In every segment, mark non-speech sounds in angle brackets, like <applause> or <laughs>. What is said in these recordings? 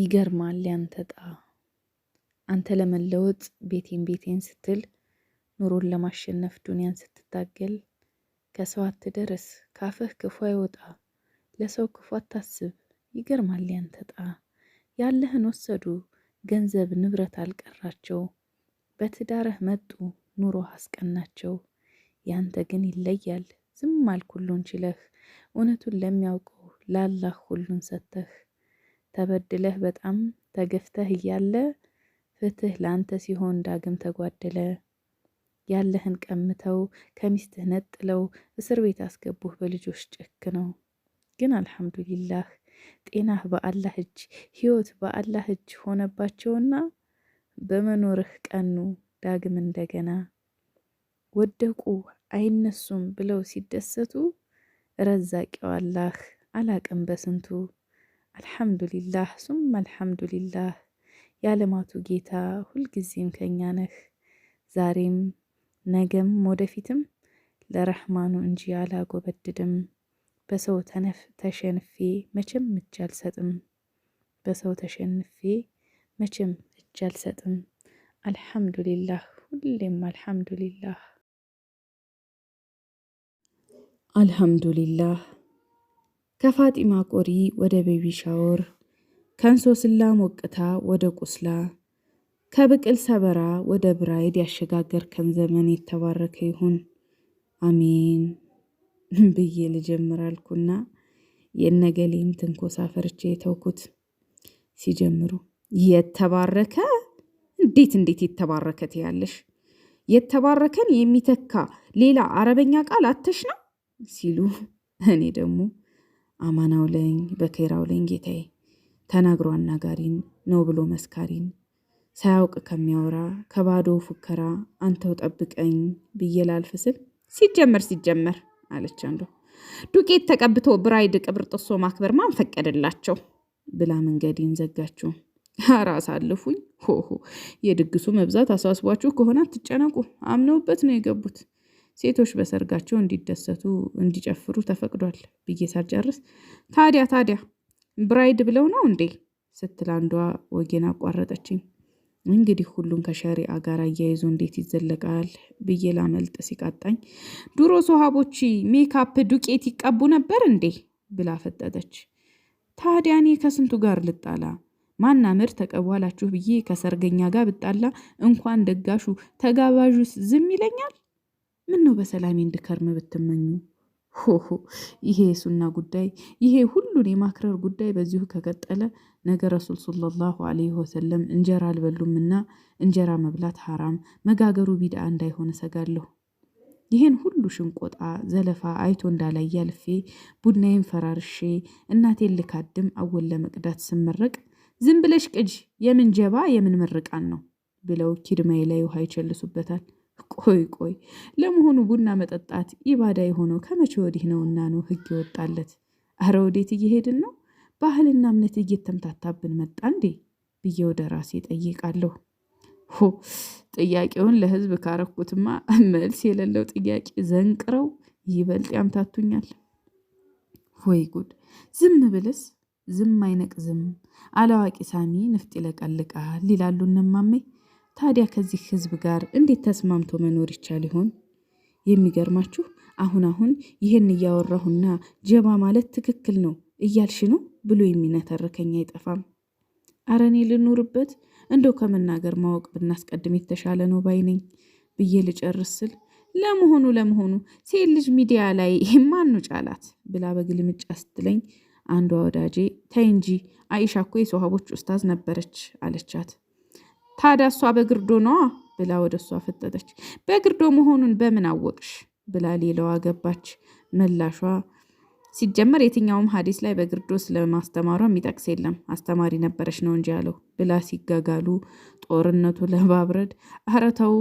ይገርማል ያንተ ጣ አንተ ለመለወጥ ቤቴን ቤቴን ስትል ኑሮን ለማሸነፍ ዱንያን ስትታገል ከሰው አትደርስ ካፍህ ክፉ አይወጣ ለሰው ክፉ አታስብ ይገርማል ያንተ ጣ ያለህን ወሰዱ ገንዘብ ንብረት አልቀራቸው በትዳርህ መጡ ኑሮ አስቀናቸው ያንተ ግን ይለያል ዝም አልኩሉን ችለህ እውነቱን ለሚያውቀው ላላህ ሁሉን ሰተህ! ተበድለህ በጣም ተገፍተህ እያለ ፍትህ ላንተ ሲሆን ዳግም ተጓደለ። ያለህን ቀምተው ከሚስትህ ነጥለው እስር ቤት አስገቡህ በልጆች ጭክ ነው። ግን አልሐምዱሊላህ ጤናህ በአላህ እጅ፣ ህይወት በአላህ እጅ ሆነባቸውና በመኖርህ ቀኑ ዳግም እንደገና። ወደቁ አይነሱም ብለው ሲደሰቱ ረዛቂው አላህ አላቅም በስንቱ አልሐምዱሊላህ ሱም አልሐምዱሊላህ የዓለማቱ ጌታ ሁልጊዜም ከኛ ነህ። ዛሬም ነገም ወደፊትም ለረህማኑ እንጂ አላጎበድድም። በሰው ተነፍ ተሸንፌ መቼም እጅ አልሰጥም። በሰው ተሸንፌ መቼም እጅ አልሰጥም። አልሐምዱሊላህ ሁሌም አልሐምዱሊላህ አልሐምዱሊላህ ከፋጢማ ቆሪ ወደ ቤቢ ሻወር፣ ከእንሶስላ ሞቅታ ወደ ቁስላ፣ ከብቅል ሰበራ ወደ ብራይድ ያሸጋገርከን ዘመን የተባረከ ይሁን አሜን <laughs> ብዬ ልጀምር አልኩና የነገሌን ትንኮሳ ፈርቼ የተውኩት። ሲጀምሩ የተባረከ እንዴት እንዴት የተባረከ ትያለሽ? የተባረከን የሚተካ ሌላ አረበኛ ቃል አተሽ ነው ሲሉ እኔ ደግሞ አማናው ለኝ በኬራው ለኝ ጌታዬ ተናግሮ አናጋሪን ነው ብሎ መስካሪን ሳያውቅ ከሚያወራ ከባዶ ፉከራ አንተው ጠብቀኝ ብዬ ላልፍ ስል ሲጀመር ሲጀመር አለች አንዱ ዱቄት ተቀብቶ ብራይድ ቅብር ጥሶ ማክበር ማን ፈቀደላቸው ብላ መንገዴን ዘጋችው ራስ አልፉኝ ሆሆ የድግሱ መብዛት አሳስቧችሁ ከሆነ አትጨነቁ። አምነውበት ነው የገቡት። ሴቶች በሰርጋቸው እንዲደሰቱ እንዲጨፍሩ ተፈቅዷል ብዬ ሳልጨርስ ታዲያ ታዲያ ብራይድ ብለው ነው እንዴ ስትል አንዷ ወጌን አቋረጠችኝ። እንግዲህ ሁሉን ከሸሪአ ጋር አያይዞ እንዴት ይዘለቃል ብዬ ላመልጥ ሲቃጣኝ ድሮ ሶሃቦች ሜካፕ ዱቄት ይቀቡ ነበር እንዴ ብላ ፈጠጠች። ታዲያ እኔ ከስንቱ ጋር ልጣላ? ማና ምር ተቀቧላችሁ ብዬ ከሰርገኛ ጋር ብጣላ እንኳን ደጋሹ ተጋባዡስ ዝም ይለኛል። ምን ነው በሰላሜ እንድከርም ብትመኙ። ሆሆ ይሄ የሱና ጉዳይ ይሄ ሁሉን የማክረር ጉዳይ በዚሁ ከቀጠለ ነገ ረሱል ሰለላሁ ዐለይሂ ወሰለም እንጀራ አልበሉምና እንጀራ መብላት ሐራም መጋገሩ ቢድአ እንዳይሆን እሰጋለሁ። ይህን ሁሉ ሽንቆጣ ዘለፋ አይቶ እንዳላይ ያልፌ ቡናዬን ፈራርሼ እናቴን ልካድም አወል ለመቅዳት ስመረቅ ዝም ብለሽ ቅጅ የምን ጀባ የምን ምርቃን ነው ብለው ኪድማዬ ላይ ውሃ ይቸልሱበታል። ቆይ ቆይ ለመሆኑ ቡና መጠጣት ኢባዳ የሆነው ከመቼ ወዲህ እና ነው ህግ የወጣለት? አረ ወዴት እየሄድን ነው? ባህልና እምነት እየተምታታብን መጣ እንዴ ብዬ ወደ ራሴ ጠይቃለሁ። ሆ ጥያቄውን ለህዝብ ካረኩትማ መልስ የሌለው ጥያቄ ዘንቅረው ይበልጥ ያምታቱኛል። ወይ ጉድ! ዝም ብልስ ዝም ዝም አላዋቂ ሳሚ ንፍጥ ይለቀልቃል ይላሉ እነማሜ። ታዲያ ከዚህ ህዝብ ጋር እንዴት ተስማምቶ መኖር ይቻል ይሆን? የሚገርማችሁ አሁን አሁን ይህን እያወራሁና ጀባ ማለት ትክክል ነው እያልሽ ነው ብሎ የሚነተርከኝ አይጠፋም። አረኔ ልኑርበት እንደው ከመናገር ማወቅ ብናስቀድም የተሻለ ነው ባይነኝ ብዬ ልጨርስ ስል ለመሆኑ ለመሆኑ ሴት ልጅ ሚዲያ ላይ ማኑ ጫላት ብላ በግልምጫ ስትለኝ አንዷ ወዳጄ ተይ እንጂ አይሻ እኮ የሰሃቦች ኡስታዝ ነበረች አለቻት። ታዲያ እሷ በግርዶ ነዋ ብላ ወደ እሷ ፈጠጠች። በግርዶ መሆኑን በምን አወቅሽ ብላ ሌላዋ ገባች። ምላሿ ሲጀመር የትኛውም ሀዲስ ላይ በግርዶ ስለማስተማሯ የሚጠቅስ የለም አስተማሪ ነበረች ነው እንጂ ያለው ብላ ሲጋጋሉ ጦርነቱ ለማብረድ አረተው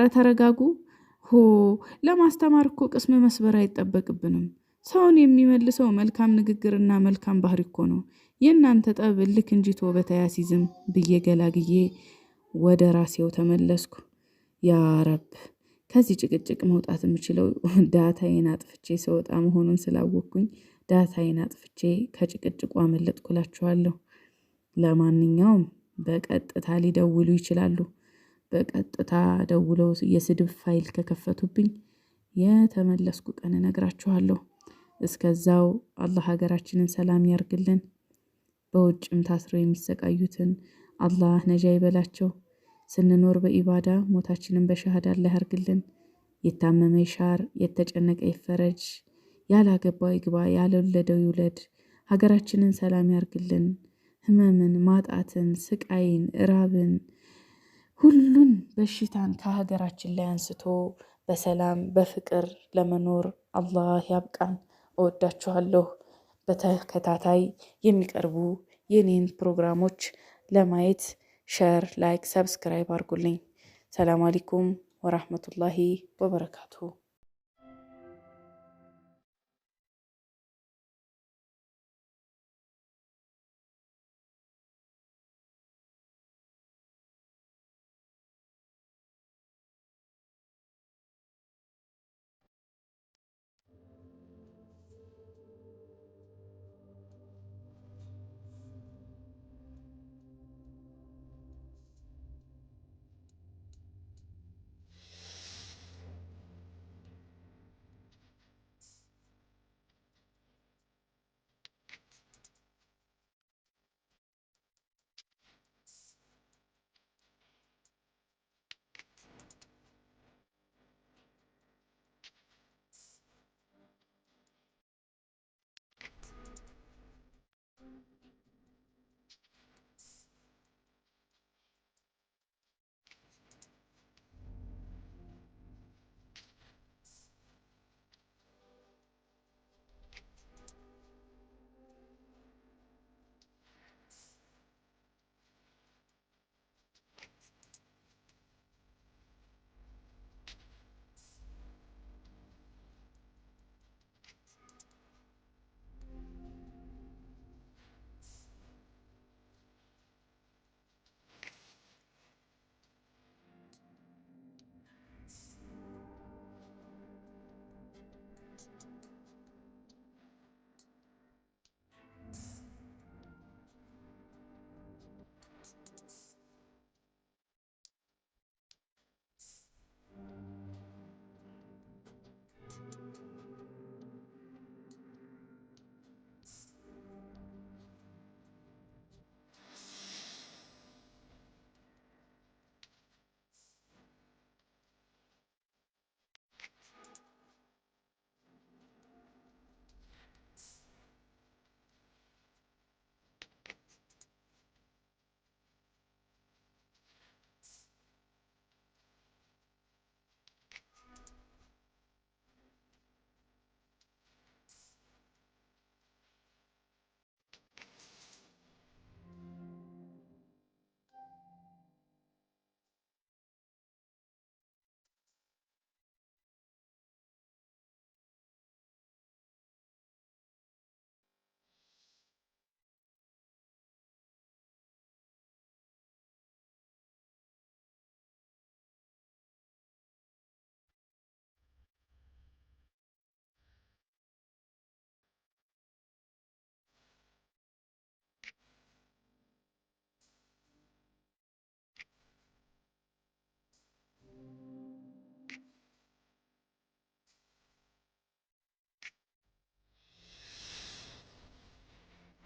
ተው፣ ተረጋጉ። ሆ ለማስተማር እኮ ቅስም መስበር አይጠበቅብንም። ሰውን የሚመልሰው መልካም ንግግርና መልካም ባህሪ እኮ ነው። የእናንተ ጠብ ልክ እንጂ በተያሲዝም ብዬ ገላግዬ ወደ ራሴው ተመለስኩ። ያ ረብ ከዚህ ጭቅጭቅ መውጣት የምችለው <laughs> ዳታዬን አጥፍቼ ስወጣ መሆኑን ስላወቅኩኝ ዳታዬን አጥፍቼ ከጭቅጭቁ አመለጥኩላችኋለሁ። ለማንኛውም በቀጥታ ሊደውሉ ይችላሉ። በቀጥታ ደውለው የስድብ ፋይል ከከፈቱብኝ የተመለስኩ ቀን እነግራችኋለሁ። እስከዛው አላህ ሀገራችንን ሰላም ያርግልን። በውጭም ታስረው የሚሰቃዩትን አላህ ነጃ ይበላቸው። ስንኖር በኢባዳ ሞታችንን በሻሃዳ ላይ ያርግልን። የታመመ ይሻር፣ የተጨነቀ ይፈረጅ፣ ያላገባው ይግባ፣ ያለወለደው ይውለድ። ሀገራችንን ሰላም ያርግልን። ህመምን፣ ማጣትን፣ ስቃይን፣ እራብን፣ ሁሉን በሽታን ከሀገራችን ላይ አንስቶ በሰላም በፍቅር ለመኖር አላህ ያብቃን። እወዳችኋለሁ። በተከታታይ የሚቀርቡ የኔን ፕሮግራሞች ለማየት ሸር፣ ላይክ፣ ሰብስክራይብ አድርጉልኝ። ሰላም አለይኩም ወራህመቱላሂ ወበረካቱሁ።